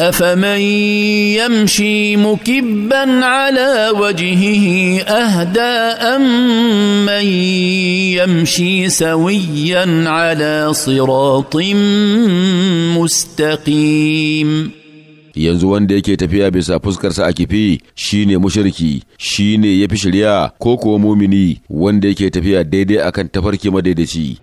افمن يمشي مكبا على وجهه اهدى من يمشي سويا على صراط مستقيم yanzu wanda yake tafiya bisa fuskarsa a kifi shine mushriki shine yafi shirya ko kuwa mumini wanda yake tafiya daidai akan tafarki madaidaici